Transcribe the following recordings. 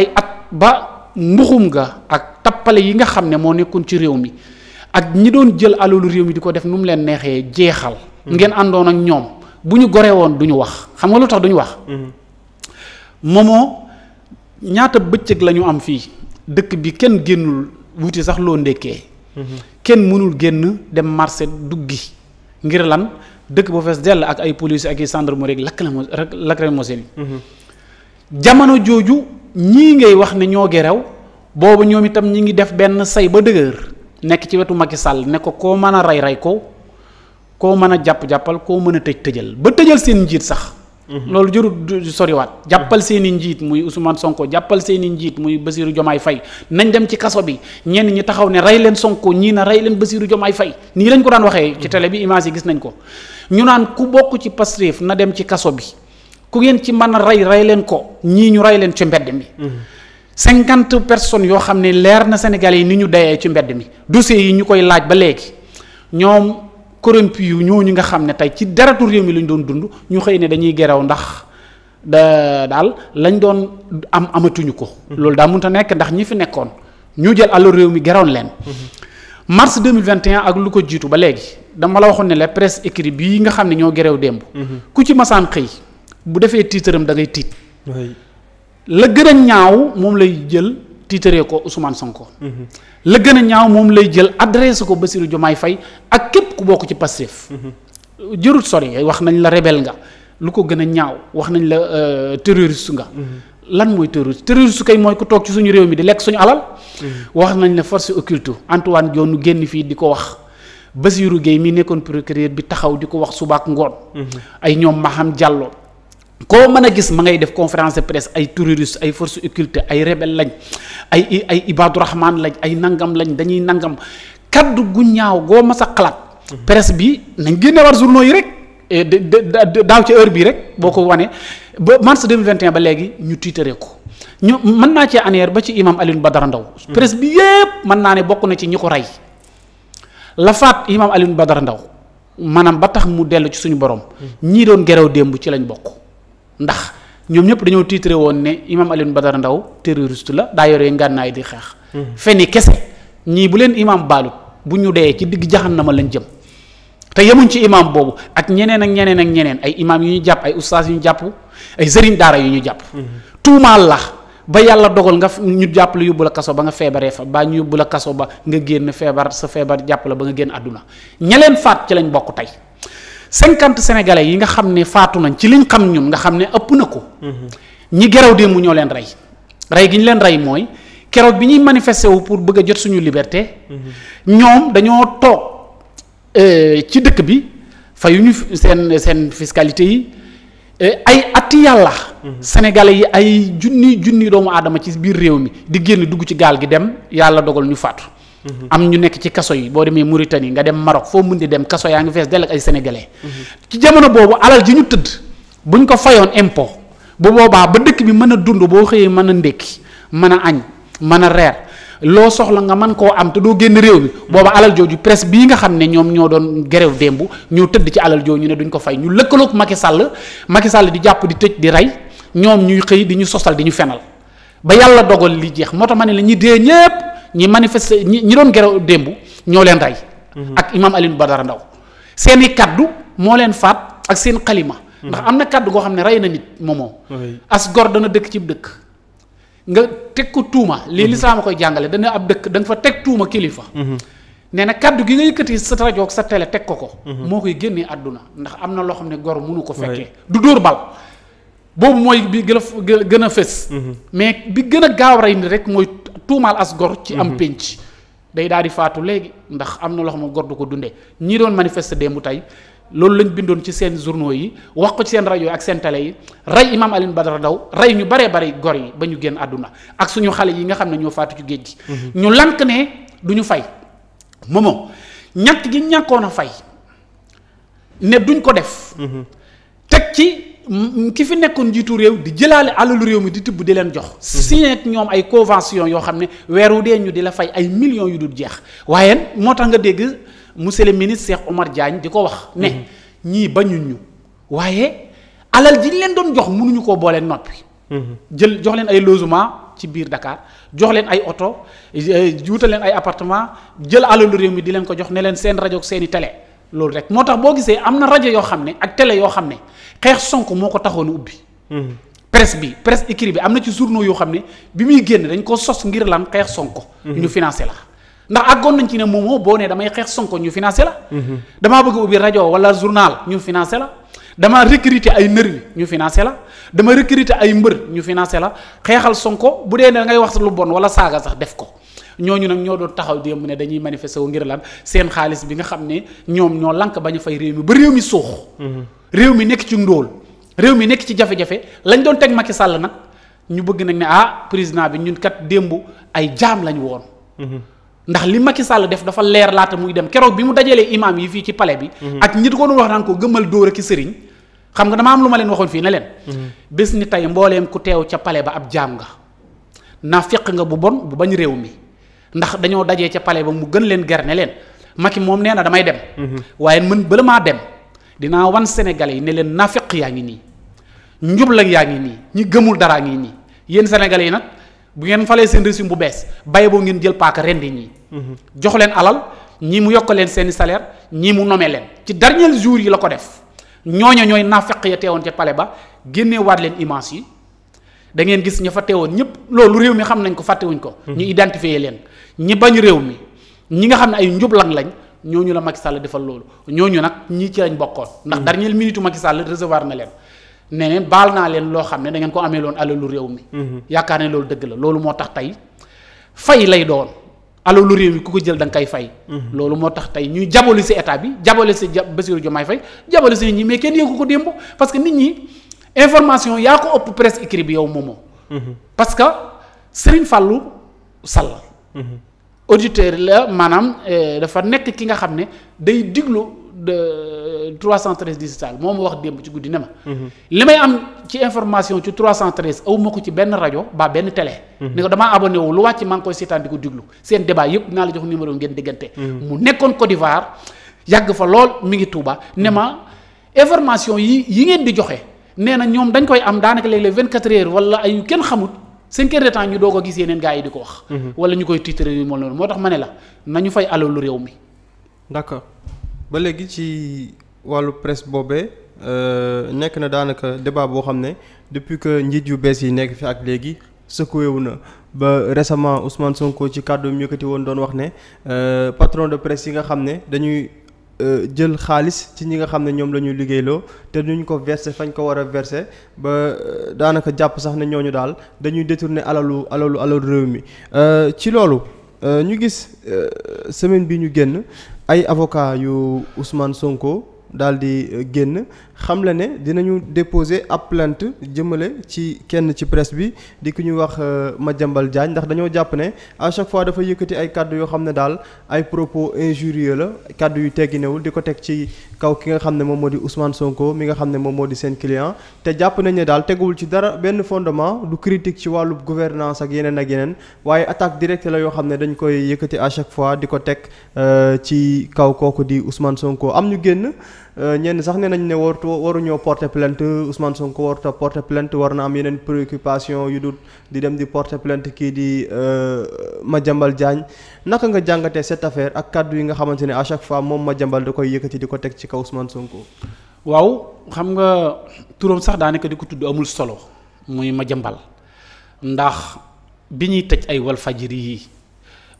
ay at ba mbuxum ga ak tappale yi nga xam ne moo nekkoon ci réew mi ak ñi doon jël alalu réew mi di ko def nu mu leen neexee jeexal. Mm-hmm. ngeen àndoon ak ñoom bu ñu goree woon du ñu wax xam nga lu tax du wax. moomoo mm-hmm. ñaata bëccëg la ñu am fii dëkk bi kenn génnul wuti sax loo ndekkee. Mm-hmm. kenn mënul génn dem marché duggi ngir lan dëkk bu fees dell ak ay police ak i gendarmerie rek lakk la mo rek lakk jamono jooju ñii ngay wax ne ñoo gerew booba ñoom itam ñi ngi def benn say ba dëgër nekk ci wetu Macky Sall ne ko koo mën a rey rey ko koo mën a jàpp jàppal koo mën a tëj tëjal ba tëjal seen njiit sax. Mhm. loolu jërul soriwaat jàppal mhm. seen i njiit muy Ousmane Sonko jàppal seen i njiit muy jom ay Faye nañ dem ci kaso bi ñenn ñi taxaw ne rey leen Sonko ñii na rey leen jom ay Faye nii lañ ko daan waxee. ci mhm. tele bi image yi gis nañ ko. ñu naan ku bokk ci Pastef na dem ci kaso bi ku ngeen ci man a rey rey leen ko ñii ñu rey leen ci mbedd mi. Mhm. cinquante personnes yoo xam ne leer na Sénégalais yi ni ñu dayee ci mbedd mi dossiers yi ñu koy laaj ba léegi ñoom corrompu yu ñooñu nga xam ne tey ci deretu réew mi lañ doon dund ñu xëy ne dañuy gerew ndax daal lañ doon am amatuñu ko. Mhm. loolu daa mënut a nekk ndax ñi fi nekkoon ñu jël alal réew mi geroon leen. Mhm. mars 2021 ak lu ko jiitu ba léegi dama la waxoon ne la presse écrite bii nga xam ne ñoo gerew démb. ci masaan xëy. bu defee tiitaram da ngay tiit. la gën a ñaaw moom lay jël tiitaree ko Ousmane ko mhm. la gën a ñaaw moom lay jël adresse ko Bassirou Diomaye Faye ak képp ku bokk ci Pastef. Mhm. jërut sori wax nañ la rebelle nga lu ko gën a ñaaw wax nañ la euh, terroriste nga. Mhm. lan mooy terroriste terroriste kay mooy ku toog ci suñu réew mi di lekk suñu alal. wax nañ ne force occulte Antoine Diome nu génn fii di ko wax. Basirou Gueye mi nekkoon procureur bi taxaw di ko wax suba ak ngoon. ay ñoom Maham jàlloo koo mën a gis ma ngay def conférence de presse ay terroristes ay force occultes ay rebelles lañ ay ay Ibadu Rahman lañ ay nangam lañ dañuy nangam kaddu gu ñaaw goo mas a xalaat. Mhm. presse bi nañ génne war journaux yi rek e daaw ci heure bii rek boo ko wane ba mars 2021 ba léegi ñu tiitaree ko ñu mën naa cee aneer ba ci imam Alioune Badara Ndaw mhm. presse bi yépp mën naa ne bokk na ci ñi ko rey la faat imam Alioune Badara Ndaw maanaam ba tax mu dellu ci suñu borom mhm. ñii doon gerew démb ci lañ bokk. ndax ñoom ñëpp dañoo tiitre woon ne imam Alioune Badara Ndao terroriste la daa yore ngànnaay di xeex. Hmm. feni kese ñii bu leen imam baalut bu ñu dee ci digg na ma lañ jëm te yemuñ ci imam boobu ak ñeneen ak ñeneen ak ñeneen ay imaam yu ñu jàpp ay ustaas yu ñu jàpp ay sëriñ daara yu ñu jàpp. Hmm. tuumaal la ba yàlla dogal nga ñu jàpp la yóbbu la kaso ba nga feebaree fa ba ñu yóbbu la kaso ba nga génn feebar sa feebar jàpp la ba nga génn àdduna ñaleen leen faat lañ bokk tey. cinquante sénégalais yi nga xam ne faatu nañ ci liñ xam ñun nga xam ne ëpp na ko. ñi geraw démb ñoo leen rey rey gi ñu leen rey mooy keroog bi ñuy manifester wu pour bëgg a jot suñu liberté. ñoom dañoo toog euh, ci dëkk bi fayuñu seen seen fiscalité yi euh, ay ati yàlla. sénégalais yi ay junni junni doomu aadama ci biir réew mi di génn dugg ci gaal gi dem yàlla dogal ñu faatu. Mm-hmm. am ñu nekk ci kaso yi boo demee Mauritanie nga dem Maroc foo mun di dem kaso yaa ngi fees dell ak ay sénégalais. Mm-hmm. ci jamono boobu alal ji ñu tëdd buñ ko fayoon impo bu boobaa ba dëkk bi mën a dund boo xëyee mën a ndékki mën a añ mën a reer loo soxla nga mën koo am te doo génn réew mi booba alal jooju presse bii nga xam ne ñoom ñoo doon grève démb ñoo tëdd ci alal jooju ñu ne duñ ko fay ñu lëkkaloog Macky Sall Macky Sall di jàpp di tëj di rey ñoom ñuy xëy di ñu sosal di ñu fenal ba yàlla dogal li jeex moo tax la ñi dee ñi manifester ñi ñi doon geraw démb ñoo leen rey. Mhm. ak imam Alioune Badara Ndao seen i kàddu moo leen faat ak seen xalima. Mhm. ndax am na kaddu goo xam ne rey na nit moomoo. as gor dana dëkk cib dëkk. nga teg ko tuuma lii mhm. lislaam a koy jàngale dana ab dëkk da fa teg tuuma kilifa. nee na kaddu gi nga yëkkati sa rajo ak sa télé teg ko ko. moo koy génnee àdduna ndax am na loo xam ne gor mënu ko fekkee. du dóor bal. boobu mooy bi gën a gën a fës. mais bi gën a gaaw rey ni rek mooy tuumaal as gor ci am mhm. pénc day daal di faatu léegi ndax am na loo xam ne gor du ko dundee ñi doon manifester démb tey loolu lañ bindoon ci seen journaux yi wax ko ci seen rajo ak seen télé yi rey imam Alioune Badara Ndao rey ñu baree bari gor yi ba ñu génn àdduna ak suñu xale yi nga xam ne ñoo faatu ci géej gi. Mhm. ñu lank ne du ñu fay. moomoo ñàkk gi ñàkkoon a fay ne duñ ko def. Mhm. teg ci ki fi nekkoon njiitu réew di jëlaale alalu réew mi di tibb di leen jox. Mhm. signé ak ñoom ay convention yoo xam ne weeru dee ñu di la fay ay millions yu dul jeex waaye moo tax nga dégg monsieur le ministre Cheikh Omar Diagne di ko wax. ne mhm. ñii bañuñ ñu waaye alal ji ñu leen doon jox munuñu koo booleen noppi. Mhm. jël jox leen ay logement ci biir dakaar jox leen ay oto wutal eh, leen ay appartement jël alalu réew mi di leen ko jox ne leen seen rajo seeni seen loolu rek moo tax boo gisee am na rajo yoo xam ne ak télé yoo xam ne xeex Sonko moo ko taxoon ubbi. Mhm. presse bi presse écrit bi am na ci journaux yoo xam ne bi muy génn dañ ko sos ngir lan xeex Sonko. Mhm. ñu financé la ndax àggoon nañ ci ne moomoo boo nee xeex Sonko ñu financé la. Mhm. damaa bëgg ubbi rajo wala journal ñu financé la. dama recruter ay nër ñu financé la dama recruter ay mbër ñu financé la xeexal Sonko bu dee ne ngay wax lu bon wala saaga sax def ko. ñooñu nag ñoo doon taxaw démb ne dañuy manifester wu ngir lan seen xaalis bi nga xam ne ñoom ñoo lank bañ a fay réew mi ba réew mi suux. Mhm. réew mi nekk ci ndóol réew mi nekk ci jafe-jafe lañ doon teg Macky sàll nag ñu bëgg nañ ne ah président bi ñun kat démb ay jaam lañ woon. Mhm. ndax li Macky Sall def dafa leer laata muy dem keroog bi mu dajalee imam yi fii ci palais bi. Mhm. ak ñi ko doon wax naan ko gëmal dóor ak sëriñ. xam nga dama am lu ma leen waxoon fii ne leen. bés ni tey mbooleem ku teew ca pale ba ab jaam nga. naa feq nga bu bon bu bañ réew mi. ndax dañoo dajee ca pale ba mu gën leen ger ne leen Macky moom nee na damay dem. Mhm. waaye mën bala maa dem dinaa wan Sénégalais yi ne leen naafeq yaa ngi nii njubla yaa ngi nii ñi gëmul daraa ngi nii yéen Sénégalais yi nag bu ngeen falee seen régime bu bees bay boo ngeen jël paaka rendi ñii. Mhm. jox leen alal ñii mu yokk leen seeni salaire ñii mu nomee leen ci dernier jour yi la ko def ñooña ñooy naafeq ya teewoon ca pale ba génnee waat leen image yi da ngeen gis ña fa teewoon ñëpp loolu réew mi xam nañ ko fàttewuñ ko. Mhm. ñi bañ réew mi ñi nga xam ne ay njublang lañ ñoo ñu la Macky Sall defal loolu ñooñu nag ñii ci lañ bokkoon. ndax mm. dernière minute Macky Sall recevoir na leen. ne ne baal naa leen loo xam ne da ngeen ko amee loon alalu réew mi. Mm-hmm. yaakaar ne loolu dëgg la loolu moo tax tey fay lay doon alalu réew mi ku ko jël da nga koy fay. Mm-hmm. loolu moo tax tey ñuy jaboli si état bi jaboli si ja Bassirou Diomaye Faye jaboli si nit ñi mais kenn yëngu ko démb parce que nit ñi information yaa ëpp presse écrite bi yow moomoo. Mm-hmm. parce que Serigne Fallou Sall. auditeur la maanaam eh, dafa nekk ki nga xam ne day diglu de 313 euh, digital moo ma wax démb ci guddi ne ma. Mhm. li may am ci information ci 313 aw ma ko ci benn rajo ba benn télé. Mhm. ne ko damaa abonné wu lu wàcc ma ngi koy seetaan di ko diglu seen débat yëpp naa la jox numéro ngeen diggante. Mhm. mu nekkoon Côte d'Ivoire yàgg fa lool mi ngi tuuba ne ma information yi yi ngeen di joxe nee na ñoom dañ koy am daanaka léeg-léeg 24 heures wala ay yu kenn xamut. cinq heures de temps ñu doo ko gis yeneen gars yi di ko wax. Mhm. wala ñu koy titre yu mel moo tax ma ne la na ñu fay alalu réew mi. d'accord ba léegi ci wàllu presse boobee euh, nekk na daanaka débat boo xam ne depuis que njiit yu bees yi nekk fi ak léegi secoué wu na ba récemment Ousmane Sonko ci kàddu yëkkati woon doon wax ne euh, patron de presse yi nga xam ne dañuy. Euh, jël xaalis ci ñi nga xam ne ñoom la ñuy liggéeyloo te duñ ko verser fañ ko war a verser ba euh, daanaka jàpp sax ne ñooñu daal dañuy détourner alalu alalu alalu réew mi euh, ci loolu ñu gis semaine bi ñu génn ay avocat yu Ousmane Sonko daal di euh, génn xam la ne dinañu déposer ab plainte jëmale ci kenn ci presse bi di ku ñu wax euh, Madiambal Diagne ndax dañoo jàpp ne à chaque fois dafay yëkkati ay kàddu yoo xam ne daal ay propos injurieux la kàddu yu tegginewul di ko teg ci kaw ki nga xam ne moom moo di Ousmane Sonko mi nga xam ne moom moo di seen client te jàpp nañ ne daal teguwul ci dara benn fondement du critique ci wàllu gouvernance ak yeneen ak yeneen waaye attaque directe la yoo xam ne dañ koy yëkkati à chaque fois di ko teg euh, ci kaw kooku di Ousmane Sonko am ñu génn Euh, ñenn sax ne nañ ne warut waruñoo porter plante Ousmane Sonko warut a plante war na am yeneen préoccupation yu dul di dem di porter plainte kii di euh, ma jëmbal Diagne naka nga jàngatee cette affaire ak kàddu yi nga xamante ne à chaque fois moom ma Madiambal da koy yëkkati di ko teg ci kaw Ousmane Sonko. waaw xam nga turam sax daanaka di ko tudd amul solo muy ma Madiambal ndax bi ñuy tëj ay fajir yi.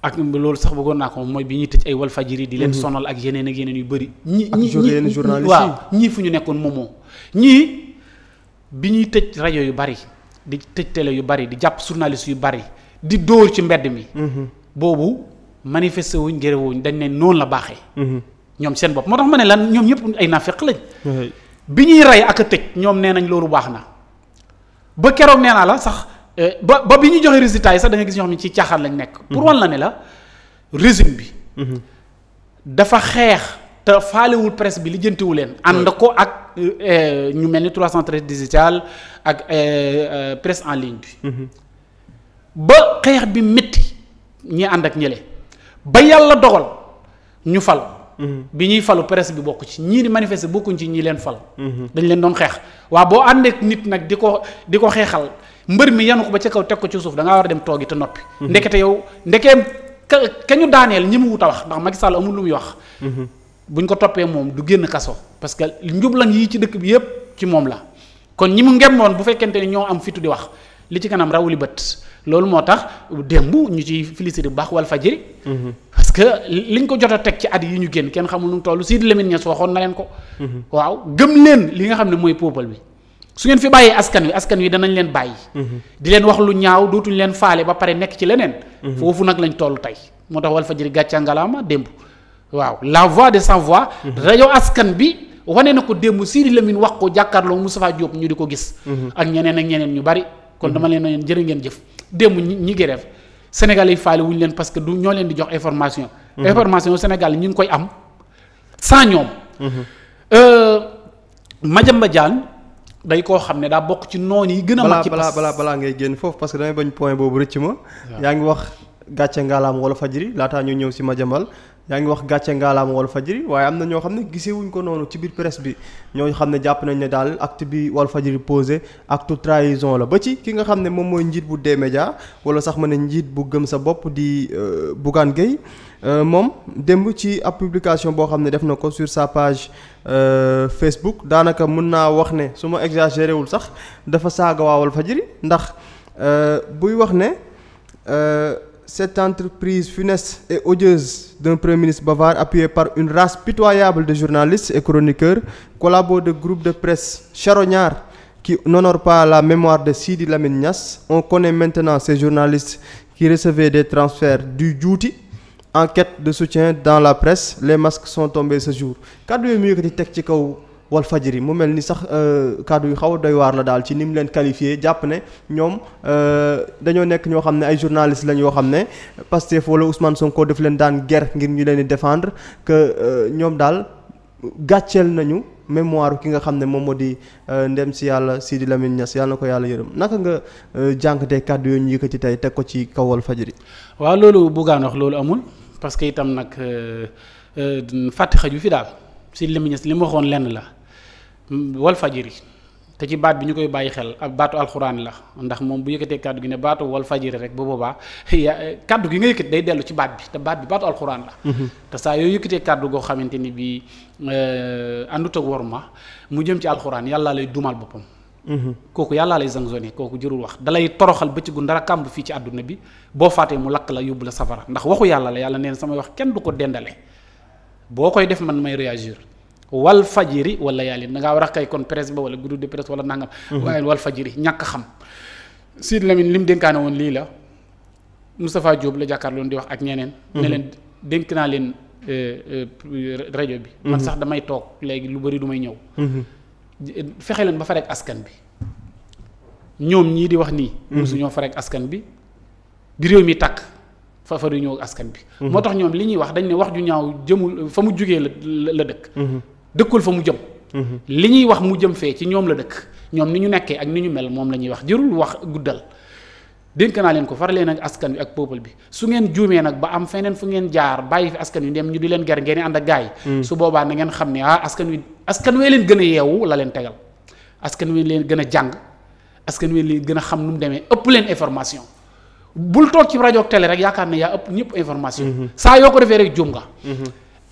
ak loolu sax bëggoon naa ko mooy bi ñuy tëj ay Walfadjri di leen mhm. sonal ak yeneen ak yeneen yu bëri. ñi ñi waaw ñii fu ñu nekkoon moomoo ñii bi ñuy tëj rajo yu bari di tëj tele yu bari di jàpp journaliste yu bari di dóor ci mbedd mi. Mhm. boobu manifester wuñ gërëwuñ dañ ne noonu la baaxee. Mhm. ñoom seen bopp moo tax ma ne lan ñoom ñëpp ay naafeq lañ. bi ñuy rey ak a tëj ñoom nee nañ loolu baax na ba keroog nee naa la sax. Euh, ba ba bi ñu joxe résultat yi sax da gis ñoo xam ne ci caaxaan lañ nekk. pour mhm. wan la ne la régime bi. Mhm. dafa xeex te faalewul presse bi lijjantiwu leen. ànd ko ak euh, ñu mel ni 313 digital ak euh, presse en ligne bi. Mhm. ba xeex bi metti ñi ànd ak ñële ba yàlla dogal ñu fal. bi ñuy falu presse bi bokk ci ñii di manifester bokkuñ ci ñi leen fal. dañ leen doon xeex waaw boo àndeek nit nag di ko di ko xeexal. mbër mi yanu ko ba ca kaw teg ko ci suuf da ngaa war a dem toogi te noppi mhm. ndekete yow ndekee ka ñu daaneel ñi mu wut a wax ndax Macky Sall lu muy wax mhm. buñ ko toppee moom du génn kaso parce que njublan yii ci dëkk bi yépp ci moom la kon ñi mu ngemboon bu fekkente ni ñoo am fitu di wax li ci kanam rawuli bët loolu moo tax démb ñu ci félicité bu baax wal Walfadjri mhm. parce que ñu ko jot a teg ci at yi ñu génn kenn xamul nu mu toll Sidi Lamine Niass waxoon na leen ko waaw gëm leen li nga xam ne mooy peuple bi su ngeen fi bàyyee askan wi askan wi danañ leen bàyyi. Mhm. di leen wax lu ñaaw dootuñ leen faale ba pare nekk ci leneen. Mhm. foofu nag lañu toll tey moo tax Walfadjri gàcce ngalaama démb waaw la voix de sans voix. Mhm. rajo askan bi. wane na ko démb Sidi Lamine wax ko jàkkaarloo Moustapha Diop ñu di ko gis. ak ñeneen ak ñeneen ñu bari. kon dama leen ne jërë ngeen jëf démb ñi ñi grève Sénégal yi faale wuñu leen parce que du ñoo leen di jox information. information Sénégal ñu ngi koy am sans ñoom. Euh, Madiambal day koo xam ne daa bokk ci noon yi gën a mag ci balaa balaa balaa ngay génn foofu parce que damay bañ point boobu rëcc ma yaa ngi wax gàcce ngaalaam wala fajiri laataa ñu ñëw si ma jambal yaa ngi wax gàcce ngaalaama Walfadjri waaye am na ñoo xam ne gisewuñ ko noonu ci biir presse bi ñoo xam ne jàpp nañ ne daal acte bi Walfadjri posé acte trahison la ba ci ki nga xam ne moom mooy njiit bu D-Média wala sax ma ne njiit bu gëm sa bopp di euh, Bougane Gueye euh, moom démb ci ab publication boo xam ne def na ko sur sa page euh, Facebook daanaka mën naa wax ne su ma exagéré wul sax dafa saaga waa Walfadjri ndax buy wax ne. cette entreprise funeste et odieuse d'un Premier ministre bavard appuyé par une race pitoyable de journalistes et chroniqueurs, collabos de groupes de presse charognards qui nonore par la mémoire de Sidi Lamine Niass, on connaît maintenant ces journalistes qui recevaient des transferts du juuti en quête de soutien dans la presse les masques sont tombés ce jour kaddu yooyu mu yëkkati teg ci kaw wal fajri mu mel ni sax euh, kaddu yu xaw a doy waar la daal ci ni mu leen qualifié jàpp ne ñoom euh, dañoo nekk ñoo xam ne ay journaliste lañ yoo xam ne Pastef wala Ousmane Sonko daf leen daan guerre ngir ñu leen di defendre que euh, ñoom daal gàcceel nañu mémoire ki nga xam ne moom moo di ndem si yàlla Sidi di Niass yàlla ko yàlla yërëm naka nga jànkatee kàddu yooyu ñu yëkkati tey teg ko ci kaw wal fajri. waaw loolu buggaan wax loolu amul parce que itam nag fàtte xaju fi daal Sidi Lamine li mu waxoon lenn la. wal fajiri te ci baat bi ñu koy bàyyi xel ak baatu alxuraan la ndax moom bu yëkkatee kàddu gi ne baatu wal fajiri rek ba boobaa ya kàddu gi nga yëkkat day dellu ci baat bi te baat bi baatu alxuraan la mhm. te saa yoo yëkkatee kàddu goo xamante ni bi euh, àndut ak war ma mu jëm ci alxuraan yàllaa lay dumal boppam mhm. kooku yàllaa lay sanctionné kooku jërul wax dalay toroxal bëccëgu ndara kàmb fii ci àdduna bi boo faatee mu lakk la yóbbu la safara ndax waxu yàlla la yàlla neen samay wax kenn du ko dendale boo koy def man may réagir wal fajiri wala yàlla da ngaa war a kay kon presse ba wala groupe de presse wala nangam. Mhm. waaye wal fajiri ñàkk xam. Sidy Lamine li mu dénkaane woon lii la Moustapha Diop la jàkkaarloo di wax ak ñeneen. ne mhm. leen dénk naa leen euh, euh, rajo bi. man mhm. sax damay toog léegi lu bari du may ñëw. fexe leen ba fa rek askan bi ñoom ñii di wax nii. mosu ñoo fa askan bi bi réew mi takk fa fa du ñëw askan bi. moo tax ñoom li ñuy wax dañ ne wax ju ñaaw jëmul fa mu jugee la la dëkk. dëkkul fa mu jëm. Mhm. li ñuy wax mu jëm fee ci ñoom la dëkk ñoom ni ñu nekkee ak ni ñu mel moom la ñuy wax jërul wax guddal dénk naa leen ko far leen ak askan wi ak peuple bi su ngeen juumee nag ba am feneen fu ngeen jaar bàyyi fi askan wi dem ñu di leen ger ngeen ànd ak gaay mm. su boobaa na ngeen xam ne ah askan wi askan wee leen gën a la leen tegal askan wi leen gën a jàng askan wi leen gën a xam nu mu demee ëpp leen information bul toog ci rajo ak télé rek yaakaar na yaa ëpp ñëpp information. Mm-hmm. saa yoo rek juum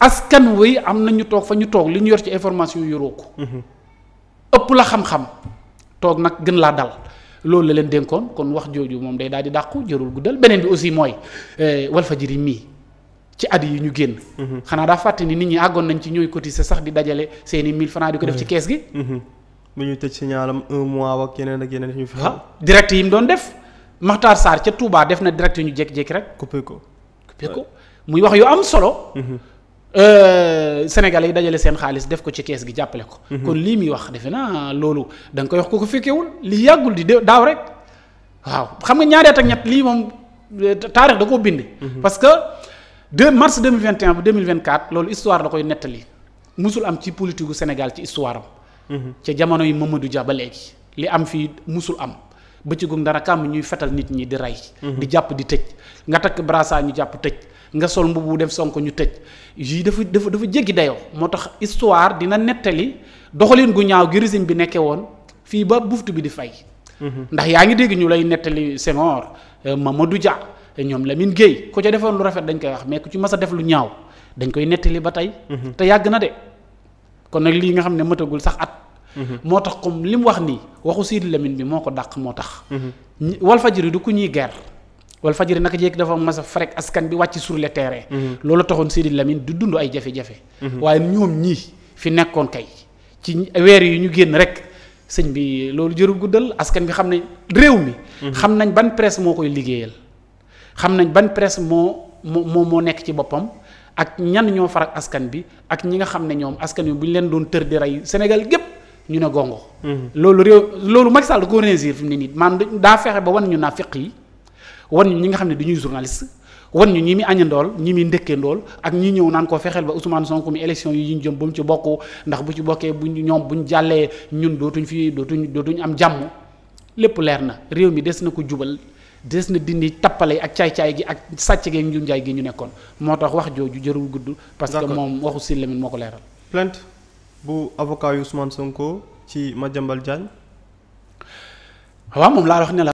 askan wi am na ñu toog fa ñu toog li ñu yor ci information yu ko. Mhm. ëpp la xam-xam toog nag gën laa dal loolu la leen dénkoon kon wax jooju moom day daal di dàqu jërul guddal beneen bi aussi mooy wal eh, Walfadjri mii ci at yi ñu génn. Mhm. xanaa daa fàtte ni nit ñi àggoon nañ ci ñooy cotiser sax di dajale seen i 1000 francs di ko def ci mhm. kees gi. bu ñuy tëj signalam un mois ak yeneen ak yeneen yu fi. Ah, direct yi mu doon def Makhtar saar ca tuubaa def na direct ñu jékki-jékki rek. coupé ko coupé ko muy wax yu am solo. Euh, Sénégalais yi dajale seen xaalis def ko ci kees gi jàppale ko. Mhm. kon lii muy wax defe naa loolu da nga koy wax ko ko fekkewul li yàggul di de daaw rek waaw xam nga ñaaree at ñett lii moom euh, taarix da koo bind. Mhm. parce que 2 mars 2021 ba 2024 loolu histoire da koy nettali musul am ci politique gu Sénégal ci histoire am. Mhm. ca jamono yi Mamadou Dia ba léegi li am fii musul am. bëccëgu dara kàmm ñuy fetal nit ñi di rey. Mhm. di jàpp di tëj nga takk brassard ñu jàpp tëj nga sol mbubu def sonko ñu tëj yii dafa dafa dafa jéggi dayoo moo tax histoire dina nettali doxalin gu ñaaw gi régime bi nekkee woon fii ba buftu bi di fay. Mhm. ndax yaa ngi dégg ñu lay nettali Senghor euh, du Dia euh, ñoom Lamine Guèye ku ca defoon lu rafet dañ koy wax mais ku ci ma a def lu ñaaw dañ koy nettali ba tey. Mhm. te yàgg na de kon nag lii nga xam ne matagul sax at. moo tax comme li wax nii waxu Sidy Lamine bi moo ko dàq moo tax. Walfadjri du ku ñuy guerre Walfadjri naka jekk dafa mas a frek askan bi wàcc sur le terrain. loolu taxoon Sidy Lamine du dund ay jafe-jafe. waaye ñoom ñii fi nekkoon kay ci weer yi ñu génn rek. sëñ bi loolu jëru guddal askan bi xam nañ réew mi. xam nañ ban presse moo koy liggéeyal. xam nañ ban presse moo moo moo nekk ci boppam ak ñan ñoo far askan bi ak ñi nga xam ne ñoom askan bi bu ñu leen doon tër rey Sénégal gépp ñu ne gongo. Mm-hmm. loolu réew loolu Macky Sall da ko réussir fi mu ne nii maanaam daa fexe ba wan ñu naa naafeq yi wan ñu ñi nga xam ne du ñuy journaliste wan ñu ñi muy añandool ñi muy ndëkkandool ak ñu ñëw naan ko fexeel ba Ousmane Sonko mi élection yi ñu jëm ba mu ci bokk ndax bu ci bokkee bu ñoom bu ñu jàllee ñun dootuñ fi dootuñ dootuñ am jàmm lépp leer na réew mi des na ko jubal des na dindi tappale ak caay-caay gi ak sàcc gi ak njaay gi ñu nekkoon moo tax wax jooju jërul gudd. parce que moom waxu si moo ko leeral. bu avocat yu Ousmane Sonko ci Madiambal Diagne waaw moom laa wax ne la